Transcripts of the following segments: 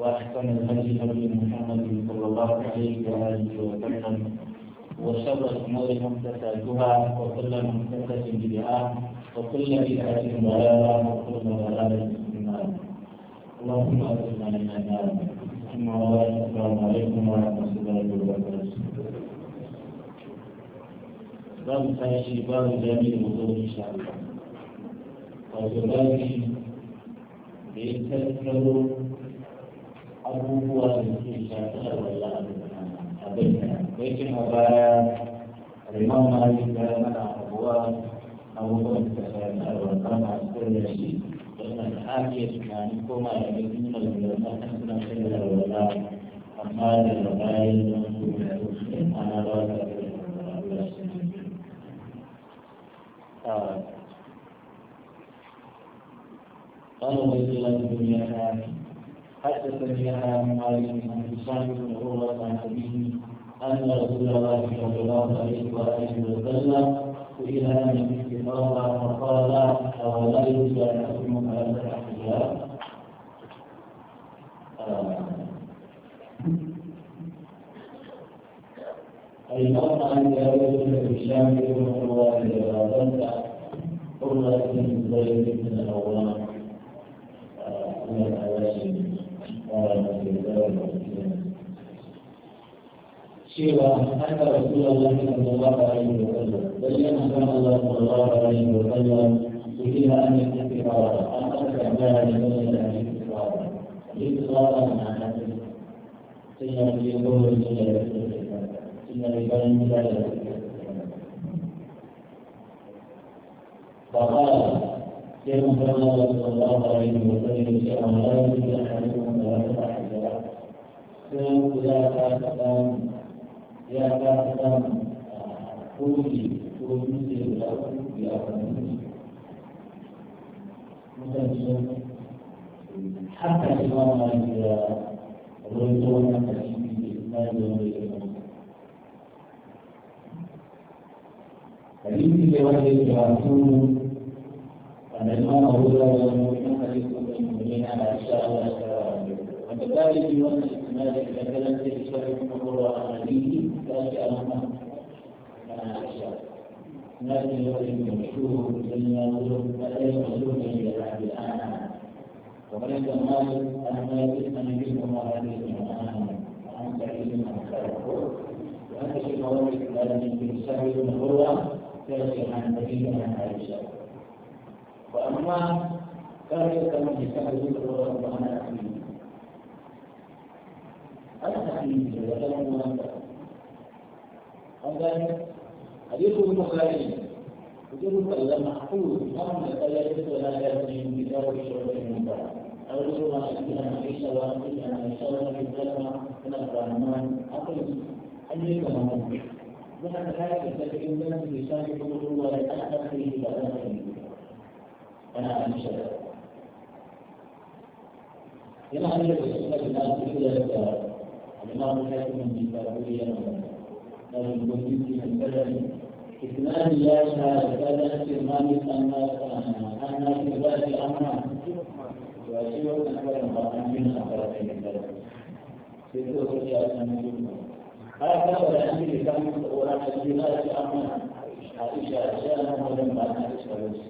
وأحسن الهدي هدي محمد صلى الله عليه وآله وسلم وشر الأمور محدثاتها وكل محدثة بدعة وكل بدعة ضلالة وكل ضلالة في النار اللهم أجرنا من النار ثم السلام عليكم ورحمة الله وبركاته باب تاشي باب جميل الوضوء إن شاء الله وجبابي بإنسان abubuwa da ke shafar wallah abin da cin a baya rimar mali da mana abuwa abubuwan da shafar wallah masu kare da shi wannan da ake tunani ko malamai sun yi magana kan suna kare da wallah amma da bayan nan su da su ana ba da kare قالوا بسم الله الدنيا حدثني عن مالك بن صالح بن عروه عن ان رسول الله صلى الله عليه واله وسلم سئل عن الاستقامه فقال لا يرجى ان اكون على الاحتياط آه. أيضاً عن جابر بن هشام بن عروة رضي قرة بن زيد بن عوام آه، من الأواشم cewa haka Rasulullah sallallahu alaihi wa sallam bayyana kan Allah sallallahu alaihi wa sallam kira an istiqara an tabbata كما قال صلى الله عليه وسلم شأن لا يجوز أحدكم ولا تفعل الجواب سوف لا تفهم يا تفهم قولي قولي له يا قولي متنسون حتى الإمام مالك رويتون حديث ما يروي حديث جواب الجواب أن الإمام أبو ذر من حديث أم المؤمنين عن عائشة وكذلك يوم الاستناد إذا كان في شهر القرى عن أبيه فأتى أمه عن عائشة لكن يؤمن مشهور من يظلم فليس مظلوما إلى بعد الآن ومن مالك أن يسمى منهم وهذه الإمام عن سعيد بن وأن الشيخ مولى الإسلام بن سعيد بن عروة كان عن نبينا عائشة وأما كارثة من يسمى ذكر الله سبحانه وتعالى التحليل وكلام منافق هذا حديث البخاري يقول إذا محفوظ أمر فلا يجوز ولا يأتي من كتاب الشرب المنكر أرجو أن أكون عيسى وأكون أن أشتغل في الكلمة من الرحمن أقل أن يكون ممكن من الحاجة التي يمكن أن يساعد الله أن أخذه بأمره أنا أنشأ لما يعني. أن السنة الآن تحيل الإمام الحاكم من بابوية لكن كنت في البدن إثنان لا شهادة استرمان أن أن في ذات أمنا وأشير أكبر مقام من أخرين البدن سيدوه في أسنان هذا والأمر كم وراء الجهات أمنا عائشة جاءنا ولم بعد عائشة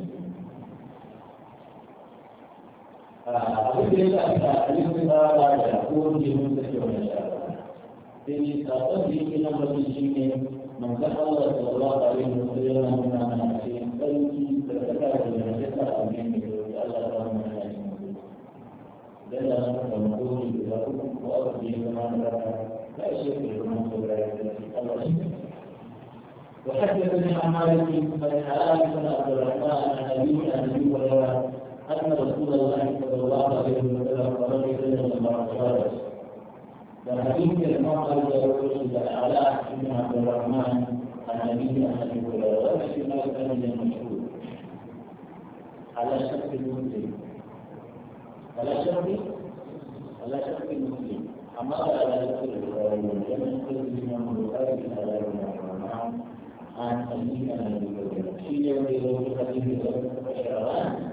Tapi dia tak bisa, dia kena belajar pun di Malaysia. Jadi, tak tahu dia kena berdiri ni, maka Allah SWT dari Malaysia yang menangani, dan kita tegak di Malaysia tak Allah SWT menangani. Dan dalam kemampuan itu, aku membuat di Malaysia, tak isyak di Malaysia, Allah SWT. وحدثني عن مالك بن حلال بن عبد الرحمن عن ابي عن ابي هريره أن رسول الله صلى الله عليه وسلم قال لنا ما قال فحديث المرأة رسول الأعلى بن عبد الرحمن عن أبيه عن أبي هريرة احتمال كان المشهور على شرط المسلم على شرط على شرط المسلم أما على شرط البخاري لم يقل الإمام البخاري على ابن الرحمن عن أبيه عن أبي هريرة في يوم يوم حديث الشعران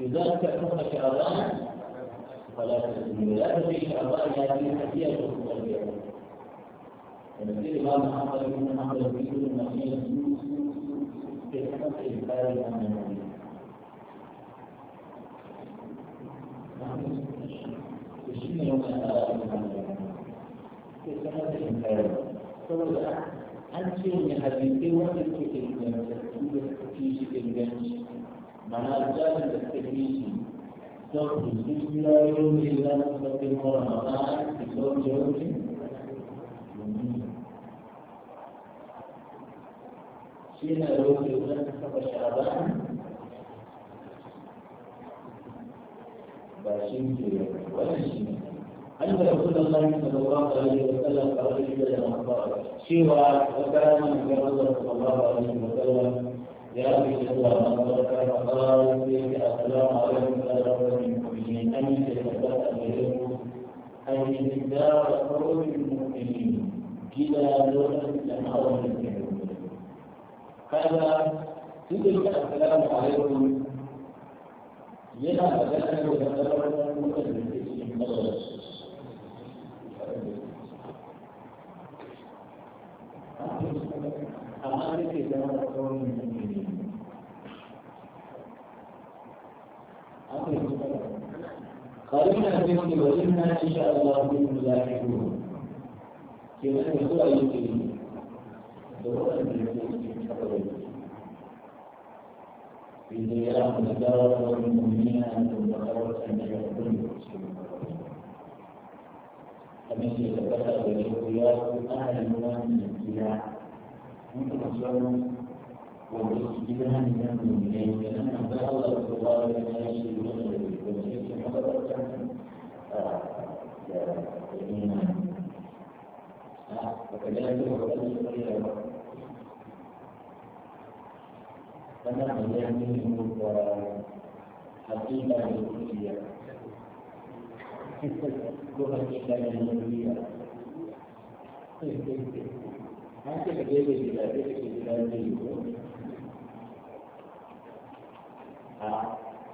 لذلك كنا شعبان فلا تسلموا لا تجد شعبان هذه الحديث والتربية ونسير الإمام أحمد بن محمد بن المسيح في حق إنكار الأمانة نحن نشم يوم الآخر في حق إنكار الأمانة an ce ne hadisai wanda suke ingantattu da suka fi shi inganci mana jarin da suka fi shi sauki duk yaro ne za su sauke mara maza da sauke wani shi na rauke wajen saba shaba عند رسول الله صلى الله عليه وسلم رجل الأنصار شيوا وكان من الله صلى الله عليه وسلم يا أبي ما وكان قال فيك السلام عليكم يا رب المؤمنين أن تثبت أمركم أي مقدار خروج المؤمنين إلى دولة الأنهار المسلمين هذا تلك السلام عليكم لنا بدأنا وذكرنا المقدمة في المدرسة قالوا بكم وإنا إن شاء الله بكم لاحقون كما يقول المسلمين ضرورة المسلمين إذا يرى مدار المؤمنين أنتم بخرج أن يكون المسلمين فمثل ذكر الرياض أهل الإيمان من الابتداع أصلهم والابتداع من المؤمنين لأن الله الله لا يشرك به mendapatkan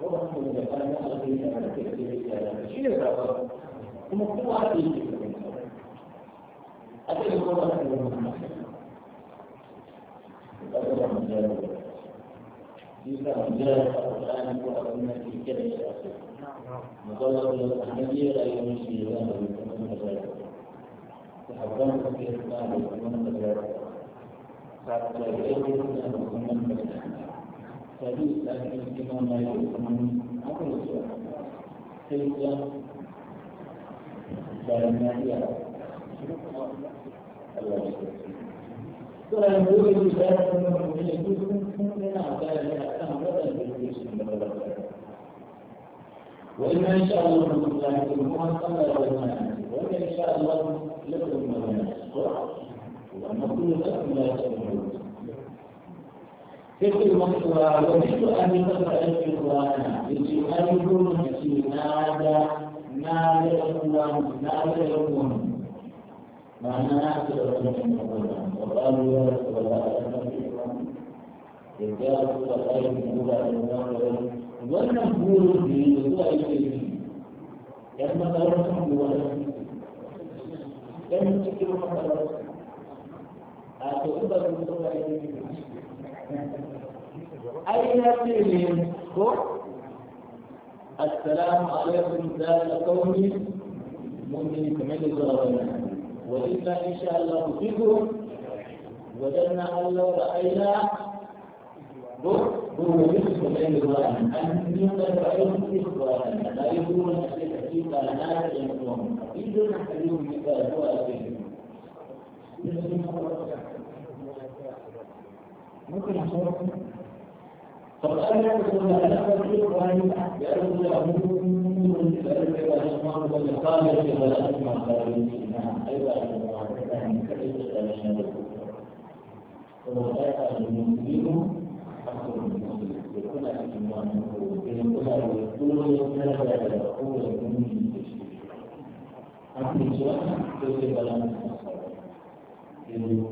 وبخلوا من الآن نقل في الأمانة في الإسلام شيء يتعرض ومكتوب على أي شيء أتيت الله لك من أجر من جاهل إذا من جاهل القرآن وأقوم في كل شيء مطلق الأحمدية لا يمشي لنا من مجال تحرمت في الإسلام من مجال فقد يجب أن نكون من مجال tàbí ìtàkì ìgbìmọ̀ náírà ìkànnì akọ̀lọ̀sọ tẹ́lifíà ìgbàlódé ọlọ́ọ̀sọ. Sọ́la ìmọ̀ yóò di ìgbà fún mi ní ẹgbẹ́ fún fún nínú àgbà ìlú àtàwọn ọ̀dọ́ ìgbésí ìṣẹ̀lẹ̀ lọ́wọ́. وإن إن شاء الله من الله يكرمها صلى الله عليه وسلم وإن إن شاء الله لكم المنازل وأن كل لكم لا يكرمون يقول مكتوبة وجدت أن يكتب في القرآن يجب أن يكون في ماذا ماذا يكون ماذا يكون معنى ناصر وقالوا يا رسول الله يجاب الخير من أولى الأمور ونقول به هو إليه لما قرأتم هو لم تكن مقرأة أتوبة من أولى الأمور أين فيهم السلام عليكم ذات قوم ممكن كما يقولون وإنا إن شاء الله فيكم وجدنا أن لو رأينا بروحكم بين الوالدين أن يكون رأيهم في القرآن لا يقولون أن الحديث على ناس يمكنهم إذن حديث مثال ممكن يحصل طب أنا أقول أنا أقول إبراهيم يقول أبوه فأنت أشمار في saboda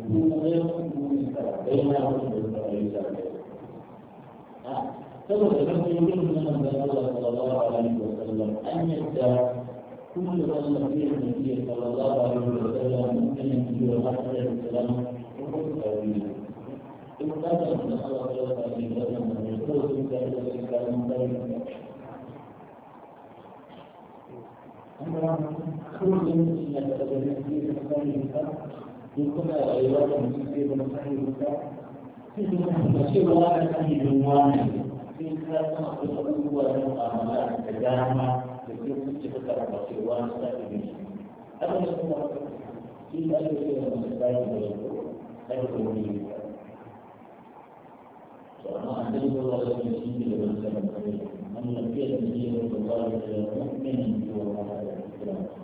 kan yi wurin na manzan Allah sallallahu alaihi wa sallam an yadda kuma da wannan biyar da biyar sallallahu alaihi wa sallam mutumin biyar har da sallam kuma da kawai in ka da manzan Allah sallallahu alaihi wa sallam da ko sun ka da shi kan dai amma kuma in ya da da biyar da kan Bukanlah Allah yang menciptakan manusia. Sesungguhnya Allah yang menciptakan Bismillahirrahmanirrahim. Allahumma salli 'ala Muhammad wa 'ala ali Muhammad. Allahumma salli 'ala Muhammad wa 'ala ali Muhammad. Allahumma salli 'ala Muhammad wa 'ala ali Muhammad. Allahumma salli 'ala Muhammad wa 'ala ali Muhammad. Allahumma salli 'ala Muhammad wa 'ala ali Muhammad. Allahumma salli 'ala Muhammad wa 'ala ali Muhammad. Allahumma salli 'ala Muhammad wa 'ala ali Muhammad. Allahumma salli 'ala Muhammad wa 'ala ali Muhammad. Allahumma salli 'ala Muhammad wa 'ala ali Muhammad. Allahumma salli 'ala Muhammad wa 'ala ali Muhammad. Allahumma salli 'ala Muhammad wa 'ala ali Muhammad. Allahumma salli 'ala Muhammad wa 'ala ali Muhammad. Allahumma salli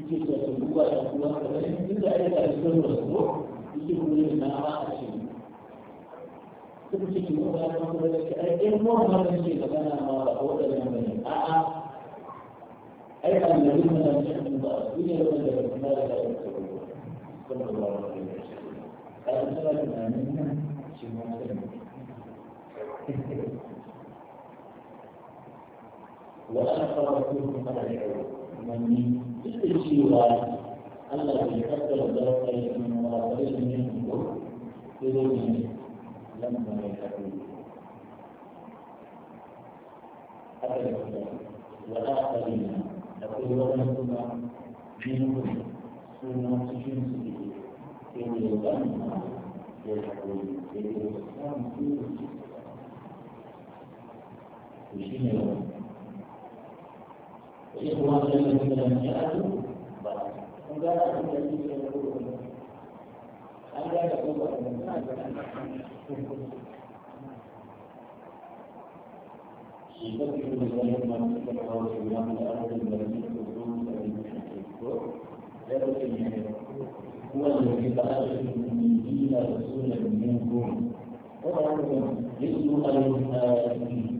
yake da tabbuka da kuma kamar duk da ake da alƙawarin rasu yake kuma na ba a cikin suka ce ki mutu ya kuma da ke ai ɗan kuma ba ta ce magana ma ba a waɗannan ba ne a'a ai a yi yin mana cikin ba a duniya da wanda ba kuma da ya ta kuma kuma ba ba ba ne a yi tsara tunanin nan shi ma ta ne وأنا قرأت مني duk cewa Allah bai kaddara da kai in ma bai yin ko sai ne dan ba ya kaddara haka da wa akharina da kuma wannan kuma min sunan cikin su ne sai ne dan ma ya kaddara sai ne dan ma ya kaddara shi ne wannan إخوان الذين لم يأتوا يذكر الإنسان ما تذكر الله من الأرض التي تكون فإن هو الذي بعث المؤمنين رسولا منكم وبعثهم يتلو عليهم آياته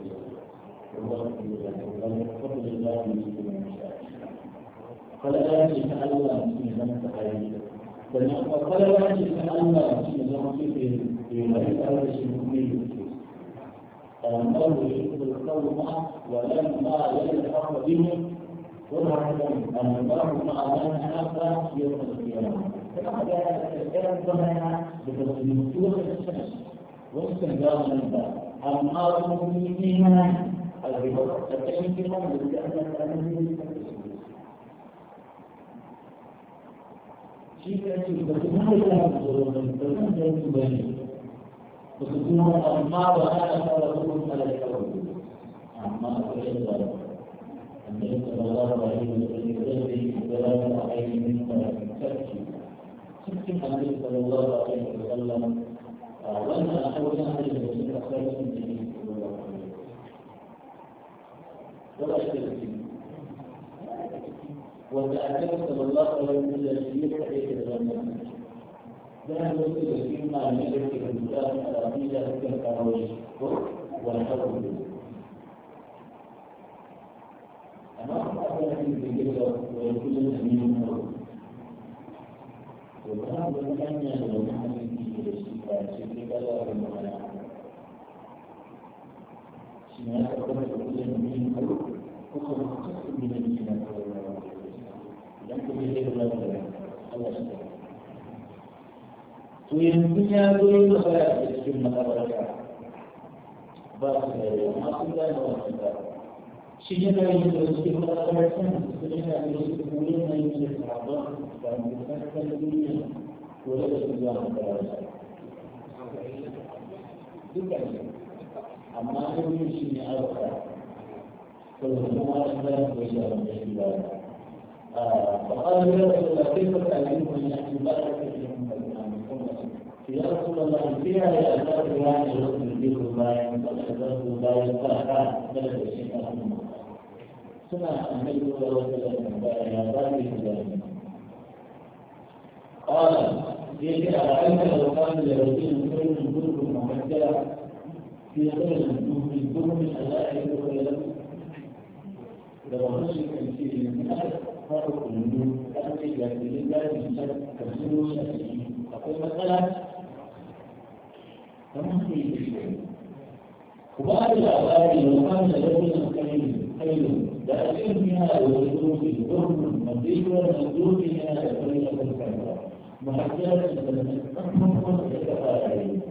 وبركة الله وبركة فضل الله مسلم المشاهد فلا يجب ألا مسلم من تقريبا فلا يجب ألا مسلم من في مريض أو شيء فالمرء يحب القول معه ولما يجد الحق به وضع أن المرء مع من أحب يوم القيامة فقد الكلام ظهر بتصديق سورة الشمس واستنجاض من الباب أما المؤمنين الربا التشريك المملوك لأن الأمن شيء كثير بس ما يلعب دور من تمام ذلك بني وسبحان الله وهذا فرض على الكون أما فرض النبي صلى الله عليه وسلم ثلاث عليه من ثلاث شك النبي صلى الله عليه وسلم وأنا أحاول أن أجد من أخلاق ولا شيء فيه وتأكد صلى الله عليه وسلم في حديث الغنم ذهب إلى فيما ملك الإنسان على ميزة التراويح والحول أمام أحد الذكر ويكون الأمين وكان بمكانه لو نحن في الشفاء شكل بلا ومعنى Intinya itu saya sedikit mengatakan bahawa maksudnya adalah kita sehingga kita harus mengatakan sehingga kita harus kemudian menjadi sahabat dan kita akan menjadi oleh sebuah negara juga أما ibn shi ne arfa to kuma da ko shi da shi ba فقال يا رسول الله كيف تعلمون ان عبادك في في رسول الله فيها يا اخاك لا يرد البيت لا ينقصد لا ينقصد بل الشيء سمع النبي صلى الله عليه وسلم يا ذلك قال يجي على ان لو كان لرسول كل ملك ممثلا في غير من ضمن الأداء والعلم لو خشي تمثيل من أحد فرق النور أتي لكن لا يمكن تمثيل شيء أقول مثلا تمثيل شيء وبعد الأوائل والخمسة يكون خير خير لكنها والجنود ضمن مزيد والمزيد منها لكي يكون خيرا محجات تتفق عليه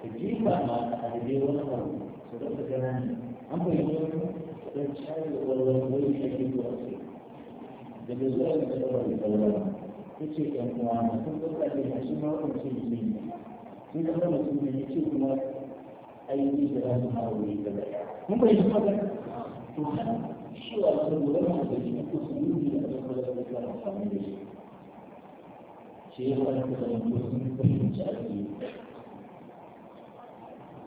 da ma a daidai wani abu su rasa ganani an bayyana wani don cari da wani wani ake da ce daga zuwa da tsawar da tsawar ta ce ɗan uwa na sun ɗauka da shi ma wani ce ne sun ɗauka mutum ya ce kuma aiki da za su ma wuri da baya mun bayyana magana to haka shi wa sun lura da wani da ke kusururi da aka ya wani kusururi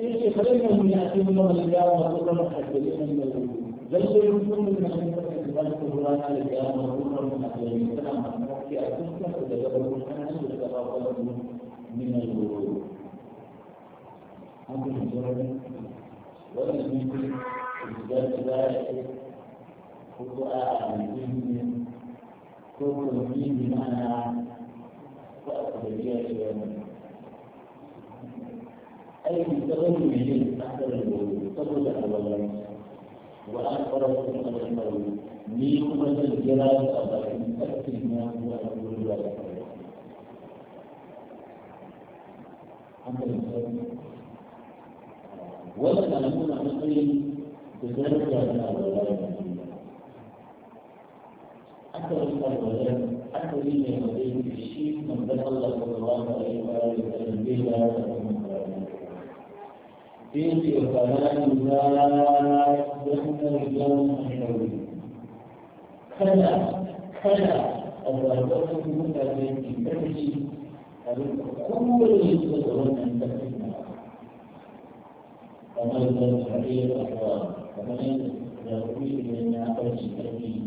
فيه فإنهم يأتون يوم القيامة كلهم محجلين من الأمور ليس يمكن من أن ذلك القرآن على القيامة كلهم محجلين سلام في أسفة تجربوا أن يتفاوضوا من الغرور أنتم مجرد ولم يمكن إزداد ذلك خطأ من كل من معنى فأخذ بها أي من تظن به أحسن الوجود تظن أولا وأخبركم أن المولود ليكم الجلال أبدا تأتينا وأقول لك ولا نكون نقيم بدرجة من الولاية أكثر من الولاية أكثر من الولاية الشيء من ذكر الله صلى الله عليه وآله وسلم بها فيه فلا يزال اليوم حولي كلا كلا الضربة التي تمشي كل يستدعون أن تكون فما يزال حرير الأحوال فما يزال لنا فرش كبير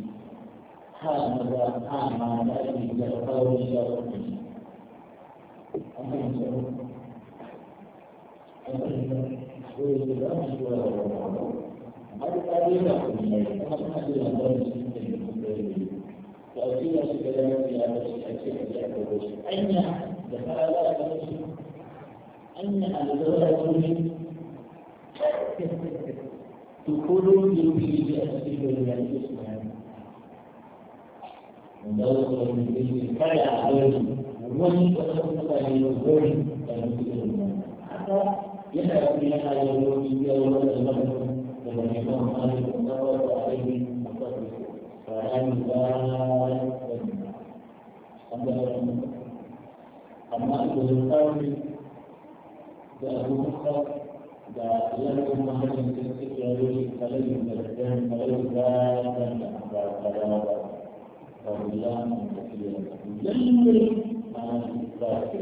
هذا أعمى الذي يلقاه شرطي أما تأثير الكلام في هذا التأثير الأكبر أن دخل أن الدولة تكون يمكن تأثير الإسلام ندور من بين فلا عليه ومن تكون تغير الظلم فلا يمكن يذهب في هذا اليوم يوم فلنكون خالق الضرر عليه الضرر فلن لا يستمع أما أهل القول جاءه مخطر لكم مهل تسكت عليه فلن يملكان فلن لا يستمع فلا فضلا من كثير لن يملك ما يستمع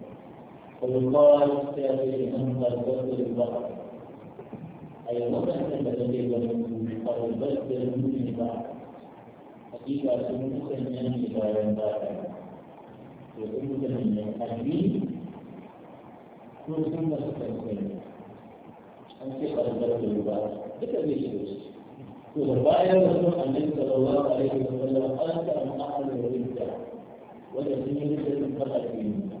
والله يستهدي أنت البشر البحر أي ومن الذي يكون البشر من البحر حقيقة سنوك من إبارة بارة وسنوك من الحديث كل سنة سنة أنت البشر البحر بتبيش وبعد رسول النبي صلى الله عليه وسلم أنت أن أحد الرجال والذين يجب أن تقدموا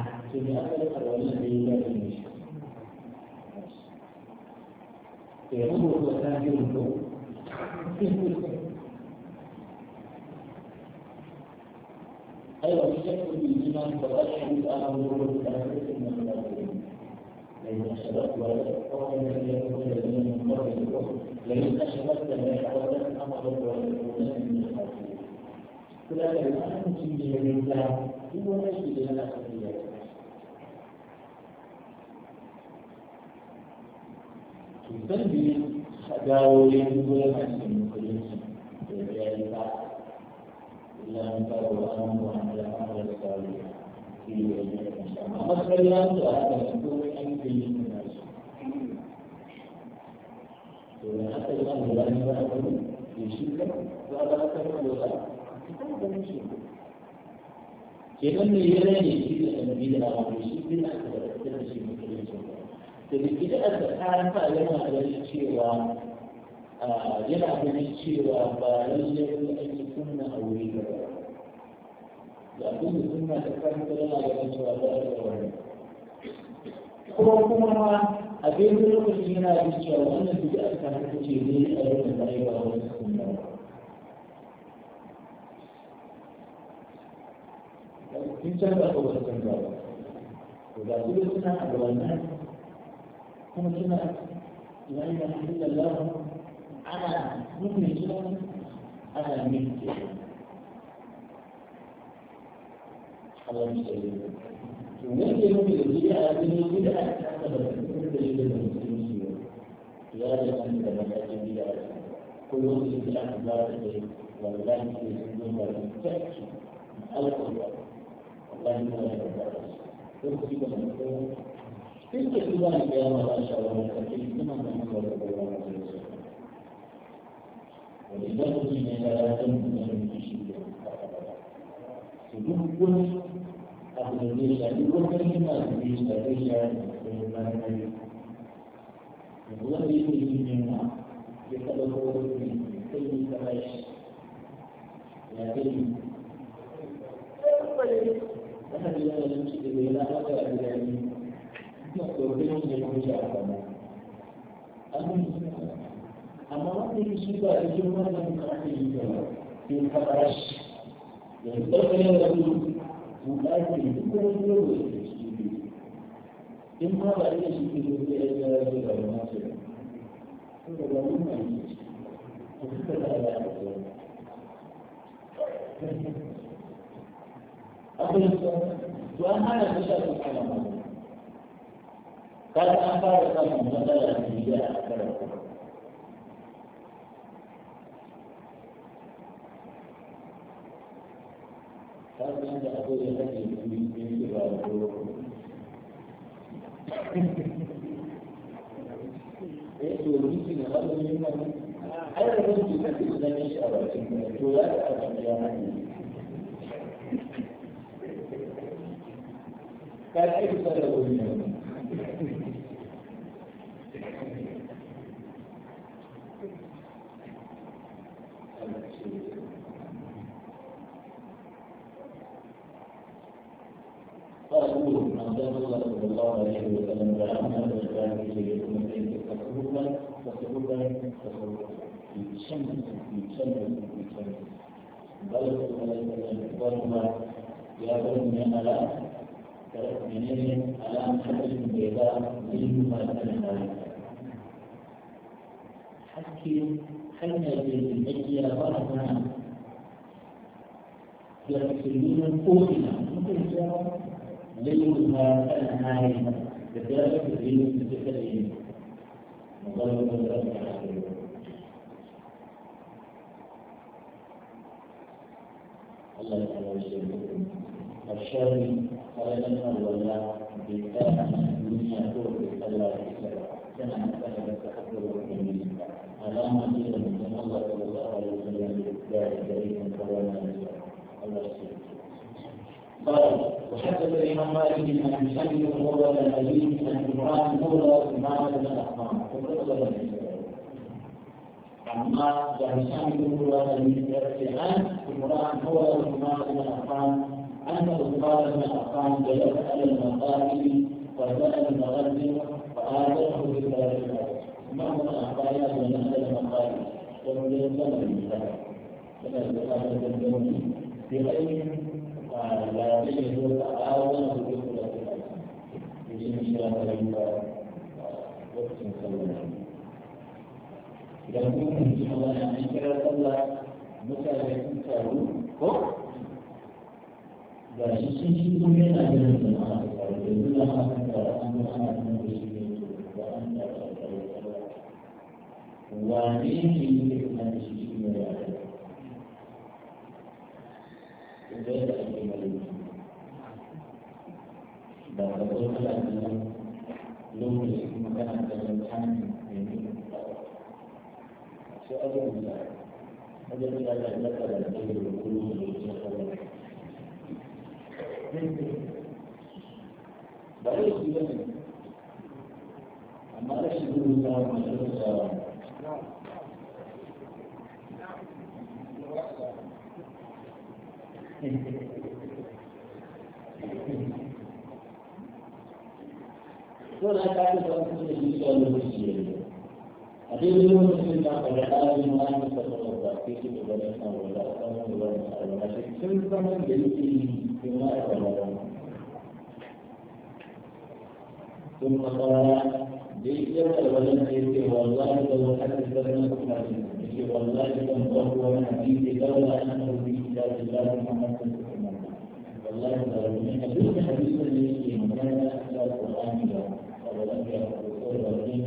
Jadi apa yang ada di dalam ini? Jadi apa yang ada di yang ini? Ayo kita pergi di mana kita akan berbuat dalam dengan orang ini. kita asalat buat orang yang dia pun dia dengan orang ini. Lain asalat dan dia kata nama orang ini orang ini. Kita ada orang yang dia dengan dia. Ibu kita dia nak pergi. Bukan di gaul yang mula macam mungkin dari kita dalam kalau orang orang yang ada kalau dia dia macam apa sekali lagi ada itu yang paling benar. Jadi apa yang kita lakukan itu disiplin. Kalau kita lakukan kita akan disiplin. Jangan melihatnya di sini dan tidak melihat di sini kita tidak disiplin. da bid'ar da ta sa yana ganin cewa yana ganin cewa ba lallai ne ake kunna aure ba da abin da sunna ta karanta yana ganin cewa za a ga wani kuma kuma ma a daidai lokacin yana ganin cewa wannan bid'ar ta haka ce ne a yau da ba wani sunna ba in canza ko ba su canza ba to da su suna a gaban nan kuma suna la ilaha illallah ana nufin suna ana nufin Allah ya ce to wanda ya nufin da shi a cikin gida a cikin da da shi da musulunci ya da kan da matakin gida a cikin kullum su ji an ba da kai wallahi ke sun zo ba da kyakki alƙawari wallahi ba da kyakki ko su ji da mutum Biz de sizden kıyamada inşallah yapacağız. İman ve Allah'a kıyamada inşallah yapacağız. Ve bizden bu dünyada yardım edilen bir kişilik yapacağız. Bu gün adını değiştirdik. Bu gün kimden bir işler değiştirdik. Önümden kayıp. Bu da bir gün dünyanın kitabı doğru bir kıyım savaş. Yani bir gün. Ben de bir gün. Ben de bir gün. Ben de bir gün. domin ya kuja a gaba. Amma wanda ya shi ba a cikin wannan kafin yi gaba, sai ka fara shi. Da ya ɗauka yau da su, su ɗaki duk wani yau da shi ke In ma ba iya shi ke zo sai ya gara da ba da mace ba. Kuma ba mun ma yi. Ko suka da ya da su. Abin da, to an hana shi shafi kalama. kaga an fara samun matsala da ya a karan kuma da akwai da kake yi ne ke ba da dole eh to ni ki na ba da ni ma ai da kun ki kake da ni shi a bakin to ya ka ta ya ne kai ai ku sarrafa ne أقول أن الله صلى الله عليه وسلم دعانا بالله لأمتين تكفرون تكفرون تكفرون يتشمس يتشمس يتشمس بل ظلما يا بني أنا لا تركني على أن تكون بيضاء منهما تنهار حكي حتى في المجيء بعضنا يقتلون أوتنا ممكن للمسافة نهاية بدرجة الدين في تلك الأيام مضرب بدرجة الله تعالى يشهدكم الشر قال لنا ولا بكان من يقول بالله كما كان التحضر والتمييز على مزيد من الله صلى الله عليه وسلم بالدار الكريم كوانا الله يشهدكم قال وحدث الامام مالك بن ابي سلمه وقال الحديث عن عمران مولى امام بن الاحمام عما وهشام بن مولى بن الارتحال عمران مولى امام بن الاحمام انه قال بن الاحمام جلس على المقاتل وجاء المغزل فآتته بثلاث الايه ما هو الاحبايات من اهل المقاتل ومن يسلم بالله فلا يقاتل في غيرهم da zai zo ka dawo wani zuwa kula da kai idan shi ya fara yi ba lokacin sallah ne idan kun kunci magana an kira sallah mutane sun taru ko ga shi sun shi kuma yana ganin jama'a da taru da nuna haka da an yi ana kan da shi ne ba an da taru da taru wane ne yake kuma da shi ne ya غير أي مليك بعد ذلك الأمر لومي مكان الإمكان سؤال الله أجل إذا لك الخير وكل شيء بلاش بلاش أما أشهد الله وأشهد الله ولا تعرف أن تجد المسلمين أدل المسلمين كتاب الله محمد صلى الله والله العظيم دون حديث اللي في مكان لا القران لا ولم يقل الرحيم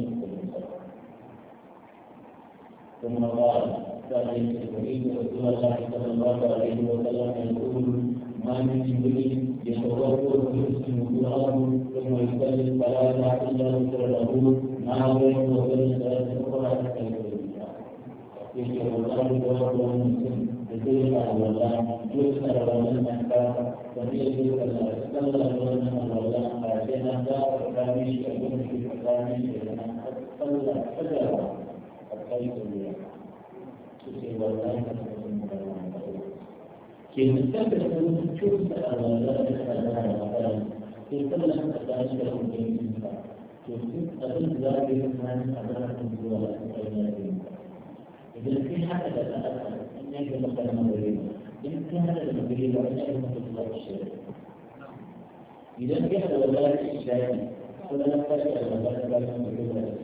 ثم قال فإن تريد رسول الله صلى الله عليه وسلم يقول ما من جبريل يتوضا ويحسن وجوهه ثم يصلي الصلاه الا ذكر له ما بين وبين ثلاث اخرى حتى يصلي الله يشهد الله وهو مسلم کیونکہ ابھی ہزار کے حکومت ادھر ہے جس کی حق ادا کر يجب أن نقدم المدرين إن كان هذا المدرين وإن يجب أن تطلع الشرك إذا جهل ولاية الإسلام فلا نحتاج إلى ولاية ولاية المدرين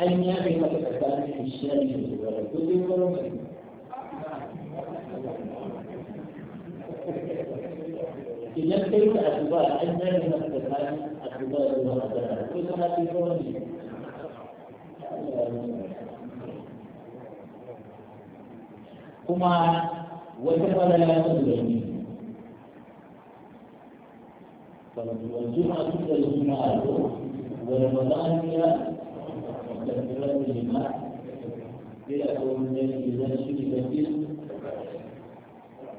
أين يجب أن تتعامل في الشارع والكتب والمدرين إذا كيف أتباع أن من الكتاب أتباع المؤثرات كل ما في كونه كما وكفى لا تدري والجمعة إلى الجمعة ورمضان إلى تكبيرات الجماعة إلى قول الله إذا شرك فيه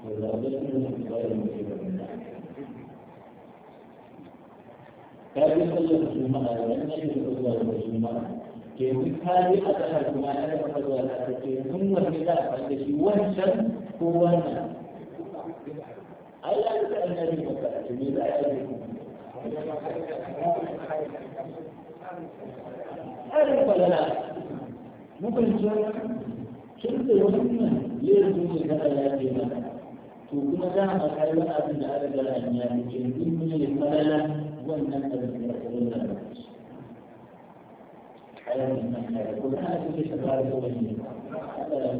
ولا تكبر غير المسلمين كان يسلم في المرأة لأن يسلم في المرأة كيف هذه أتحد ما أنا أفضل ولا أتحد ثم الخلاف الذي وهشا هو أنا ألا يسأل النبي وكأت من أعرف ولا لا؟ ممكن تقول شنو يهمنا ليه تقول هذا لا يهمنا؟ تقول ما دام أتحد أبن أبدا أن يعني يمكن من الملل هو المذهب الذي يقولون له على المذهب يقول انا كنت شغال هذا لا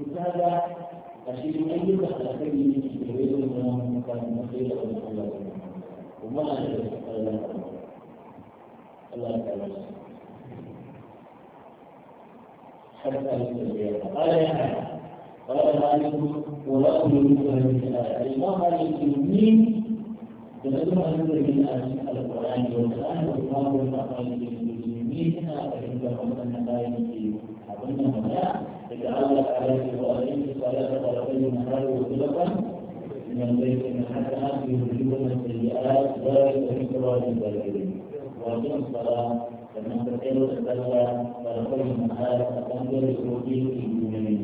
يمكن هذا أشيء أي مخلوقين يريدون كان مخيلا ولا الله تعالى حتى يستجيب قال يا حبيبي قال ورأوا المؤمن بالآية الإمام مالك المؤمنين يدل على من القرآن والقرآن والإمام الأقل للمسلمين فإنهم أن لا يمكن أظن هنا يتعلق على الوالدين صلاة طرفي النهار وطلقا من البيت الحسنات يذهبون السيئات ذلك ذكرى للذاكرين وأقيم الصلاة فمن تقل صلى طرفي النهار فقد يخرج في المؤمنين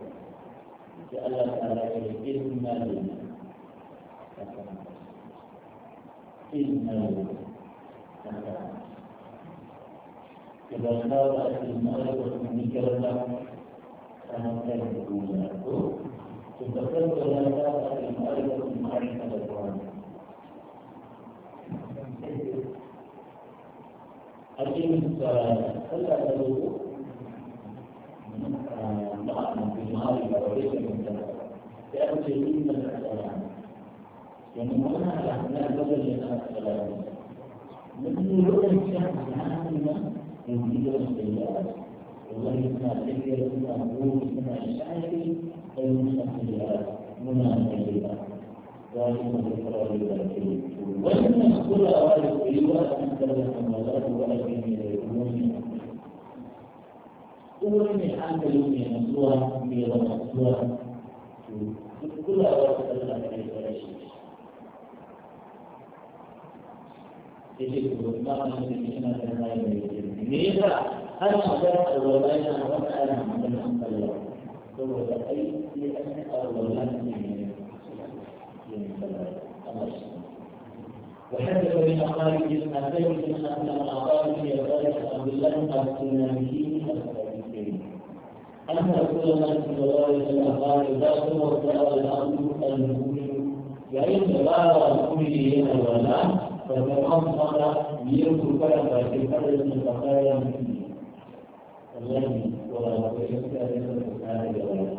sai Allah ta'ala ya ce inna inna إذا صارت من منكرة فمن كان دون تذكرت لا صارت من معرفة القرآن أقيم الصلاة فلا تذوقوا امرأة في مغاربة وليس ممتلكة يأتي إلا السلام يعني هنا الأحلال بدل السلام من لغة الشعب العامة يمكن السيئات والله ما سيئة تقول من الشعب فإن السيئات مناسبة ذلك ذكرى للذاكرين ولم نذكر أوائل السيئات أن تلك المولات وأجل إلى wani mai hankali mai nutsuwa mai ramantuwa to duk kulawar da Allah ta yi fara shi sai ce ko ma an yi ina da na yi mai jirgi me yasa har magana alwala yana wata ana magana alwala saboda ai sai an yi alwala ne yin sallah Allah shi وحدث بن خالد بن أبي بن أسلم أعطاه في ذلك عبد الله بن أبي المسلمين أن رسول الله صلى الله عليه وسلم قال على كنت الأرض المؤمن وإن غار المؤمن ولا فتنصر ليذكر فاكفر من بقايا المسلمين الذي ولا يشك أن القرآن يغير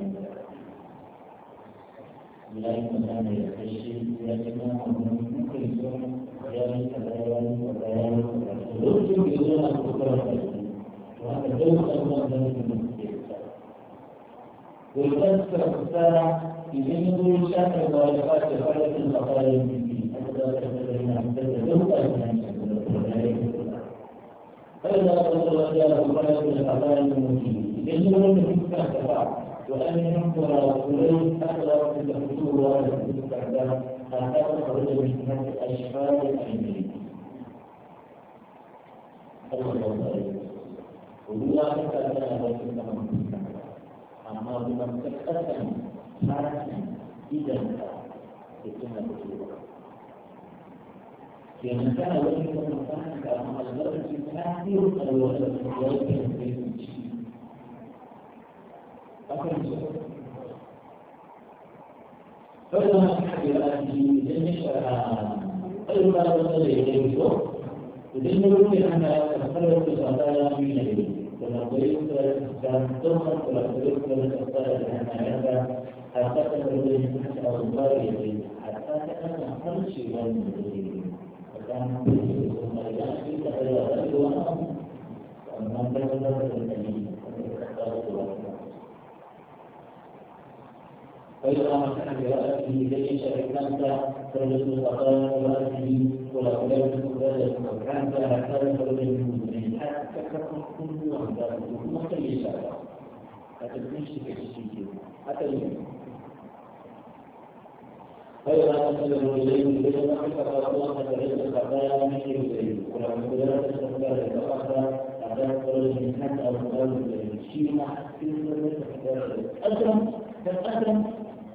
لكن أنا يخشي لكن أنا ممكن يكون ذلك بيان وبيان وبيان يرجو بدون أن تكره وهذا العلم أيضا ذلك من ويفسر الساعة بجنب شاك الواجبات لفعلة الخطايا المسلمين حتى تستبين عمدته لو أن فإذا أردت الرجال فعلة الخطايا المسلمين يجب أن تكون كفاءة وأن ينكر رسولين أخلاق الحصول والاستعداد حتى تخرج من حد أشفاء الأيمين. الله عليه Kedua kita adalah bagi kita memberikan Amal dengan kekasan Harapnya Tidak tahu Itu yang berdua Yang akan Allah kita memberikan Kalau Allah kita berhasil Kalau Allah kita berhasil Apa yang berdua Kalau Allah kita berhasil Jadi Kalau Allah kita berhasil idan na rufe ana karɓar da tsada ya fi na yi da na goyi da tsohon kulakurai kuma da tsada da ana yanka a tsakar da zai fi a zubar da yi a tsakar ana harshe wani da zai yi a tsakanin da zai yi kuma idan a cikin da ya zai wani amma ta zama da zai yi فإذا مكن برأسه ليس حكمت فلست خطايا برأسه ولا قلت قبلت وكانت هكذا فلن يكون تكفر كل أمثاله مختلفة حتى تمشي في السجن حتى اليوم فإذا أرسله إليه بينما كفر الله فليس خطايا مثل إليه ولم يكن استقبال الأخرى أعداء قريش من حتى أو مقابل الشيعة في المدرسة الأكرم كالأكرم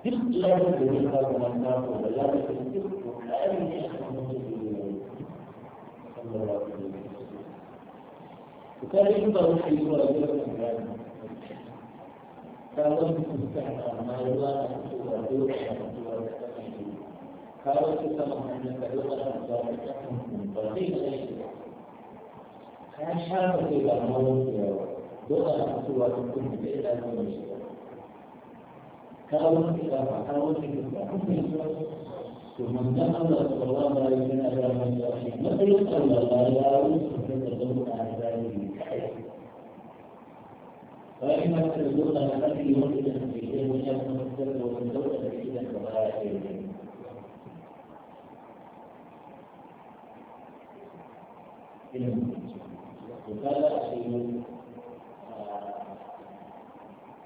duk iyalin da ya kawo nan na ko da ya ce duk ƙoƙarin ne a kan mutum da ya yi sallallahu alaihi wasallam ku kare shi ba wani yi wa ya kan gani kawo mutum ta amma ya ba na cewa dole a mutuwa da kasan shi kawo shi sama hannun ka dole a mutuwa da kasan ba zai kare shi ba ka sha ba sai ba mawar da yawa dole a mutuwa da kuma da ya zama shi كانوا إذا فعلوا تلك ومن دخل الله لا يمكن أن يعمل شيء متى يسأل الله يعرف كيف تدور على ذلك وإما تدور على أكل وجد في شيء وشاف مكتب ومن دور تكيدا فلا شيء وقال أشيء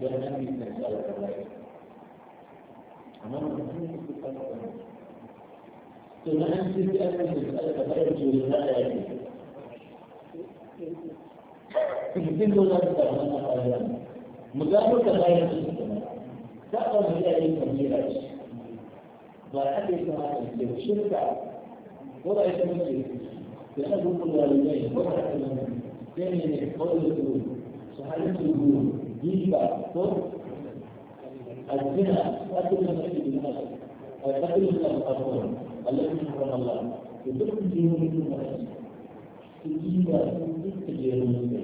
dan nanti mencari kebaikan. Amal mungkin itu kalau Tuhan sisi akan mencari kebaikan juga ada ini. Mungkin dolar kita mana kalian? Mengaku kebaikan itu semua. Tak akan menjadi pemilik. Berarti semacam itu syurga. Orang itu mesti. Jangan bukan orang lain. Orang itu mesti. Jangan ini. Orang itu. Soalnya itu. riba itu azina satu dengan eh, satu dengan satu satu dengan satu Allah Subhanallah itu pun dia itu masih riba itu kejadian itu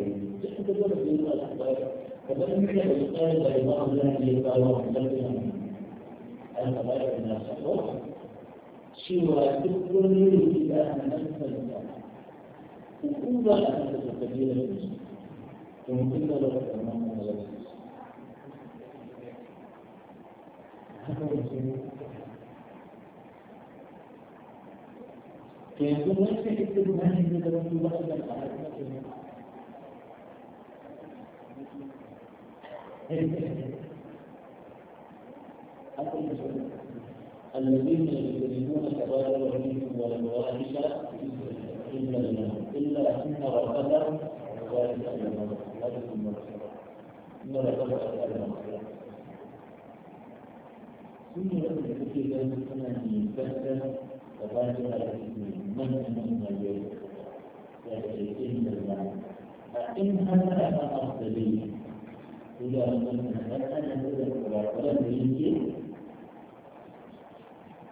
jadi kita boleh riba supaya kalau kita berusaha dari mana dia kalau dia tidak mampu dan kalau dia tidak siwa itu pun dia tidak mampu Ubah anda kepada dia lebih domin tun da lokacin nan mun yi ke yanzu wani sai ita gudun ne da wani ba su da al'adun da ne الذين يجرمون كبائر منهم والفواحش إلا إلا إن ربك وذلك إلى مغفرة ومغفرة إن لقد إلى مغفرة ثم لم يكن ذلك أن يبدل فقال على من أمين البيت فأتيتين المعنى فإن هذا أنا أفضلي إلى من أنا أولى القرآن ولم يجي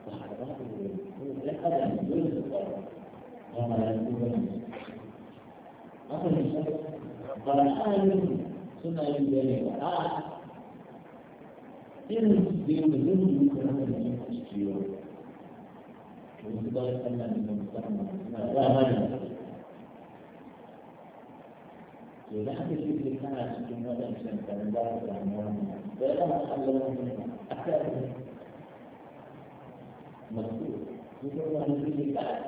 فحرام هو لا أدري كما يكون أقول لك قرآن سنة يبين قرآن إن بين من يكون تشجيع وصدق أن من لا هذا إذا حدث في الكنائس كما تمشي كان ذلك عنوان فإذا ما حلوا أكثر مذكور يقول أن في الكنائس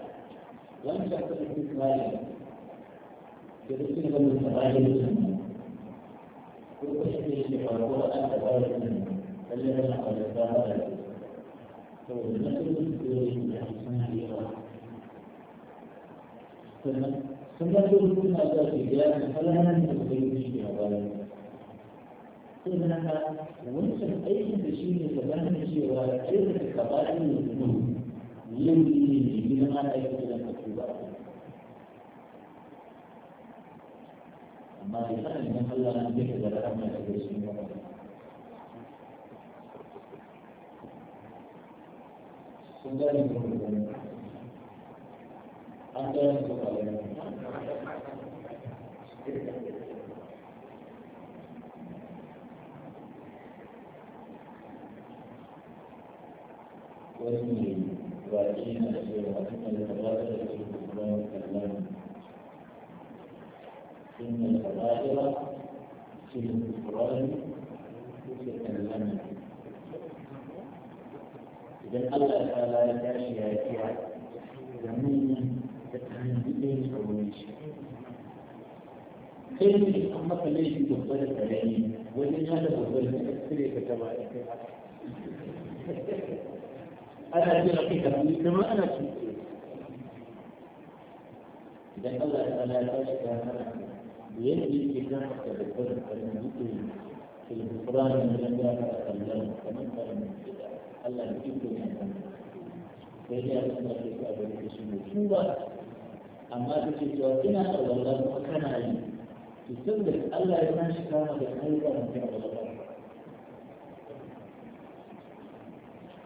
لم يحصل استثماريا يرسل من تغير ويشتري شعره أن تغير منه الذي نقل الزهر ثم تكون هذا الرجال فلا نستطيع شيئا سنها وانتم اي شيء يتبنى شيئا ايضا كقبائل الذنوب يمكن ان يكون هذا amma da sanar da Allah na zai da rahama da gaishe ne sun gani ko ne an da su ba ne wani ne ba shi na cewa ina da ba da shi kuma kallon إن الكبائر في القرآن تتكلم إذا الله تعالى يكاشي يا زمين تتعلم بين كلمة أمك ليش تفضل عليه وإن هذا تفضل أكثر كبائر أنا في رقيقة كما أنا في إذا الله تعالى يكاشي يا yanayi ke kan haka da kwan karni duke ne ke da kurani na nan gaba a kallon kamar karni ke da allah da kinko ne kan sai ya yi kuma ke kwa gari da shi ne su ba amma da ke cewa ina a wallan kuma kana yi to sun da allah ya san shi kama da kai ba mutum a wallan